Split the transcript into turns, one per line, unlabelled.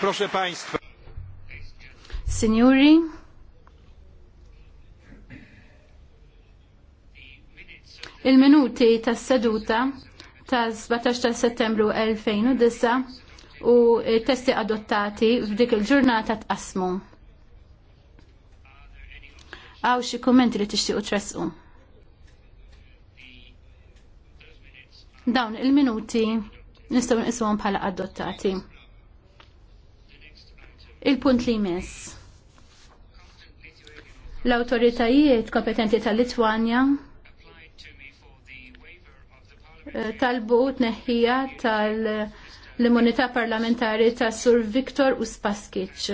Proszę Państwa.
Signori.
Il-minuti tas seduta ta' 17 ta' settembru 2009 u testi adottati f'dik il-ġurnata tqasmu. Għaw xi kummenti li tixtiequ tressqu. Dawn il-minuti nistgħu nqishom bħala adottati. Il-punt li jmiss. L-autoritajiet kompetenti tal-Litwanja eh, talbu tneħħija tal-immunità parlamentari ta' Sur Viktor Uspaskic.